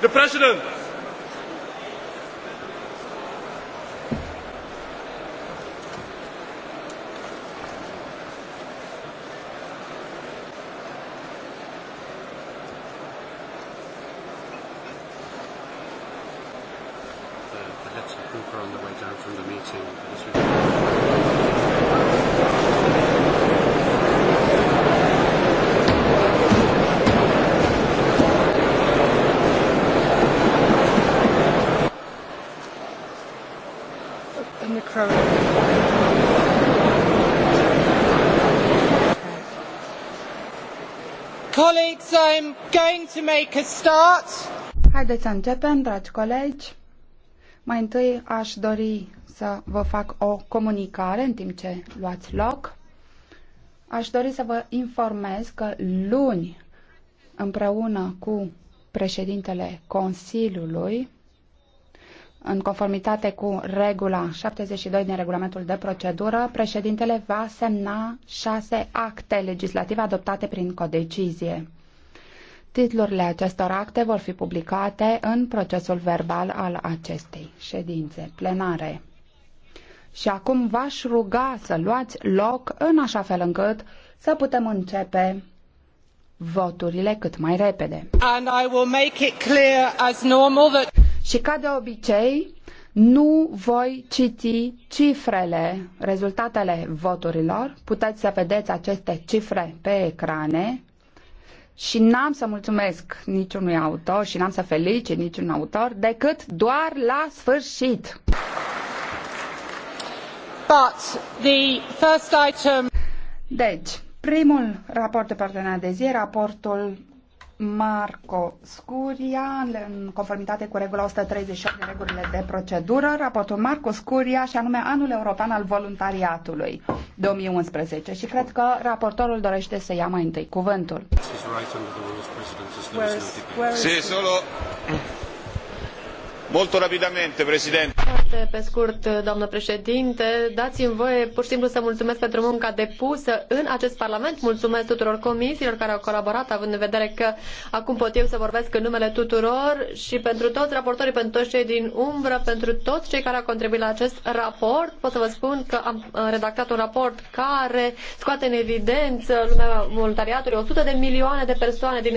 The President. Uh, on the way down from the meeting. in the crowd. Colleagues, I'm going to make a start. Haideți să începem, dragi colegi. Mai întâi aș dori să vă fac o comunicare în timp ce luați loc. Aș dori să vă informez că luni, împreună cu președintele Consiliului, în conformitate cu regula 72 din regulamentul de procedură, președintele va semna șase acte legislative adoptate prin codecizie. Titlurile acestor acte vor fi publicate în procesul verbal al acestei ședințe plenare. Și acum v-aș ruga să luați loc în așa fel încât să putem începe voturile cât mai repede. And I will make it clear as normal that... Și ca de obicei, nu voi citi cifrele, rezultatele voturilor. Puteți să vedeți aceste cifre pe ecrane. Și n-am să mulțumesc niciunui autor și n-am să felicit niciun autor decât doar la sfârșit. But the first item... Deci, primul raport de parteneriat de zi, raportul Marco Scuria, în conformitate cu regula 138 de regulile de procedură, raportul Marco Scuria și anume Anul European al Voluntariatului 2011 și cred că raportorul dorește să ia mai întâi cuvântul. Se solo... Molto rapidamente, Presidente. Foarte pe scurt, doamnă președinte, dați-mi voie pur și simplu să mulțumesc pentru munca depusă în acest Parlament. Mulțumesc tuturor comisiilor care au colaborat, având în vedere că acum pot eu să vorbesc în numele tuturor și pentru toți raportorii, pentru toți cei din umbră, pentru toți cei care au contribuit la acest raport. Pot să vă spun că am redactat un raport care scoate în evidență lumea voluntariatului 100 de milioane de persoane din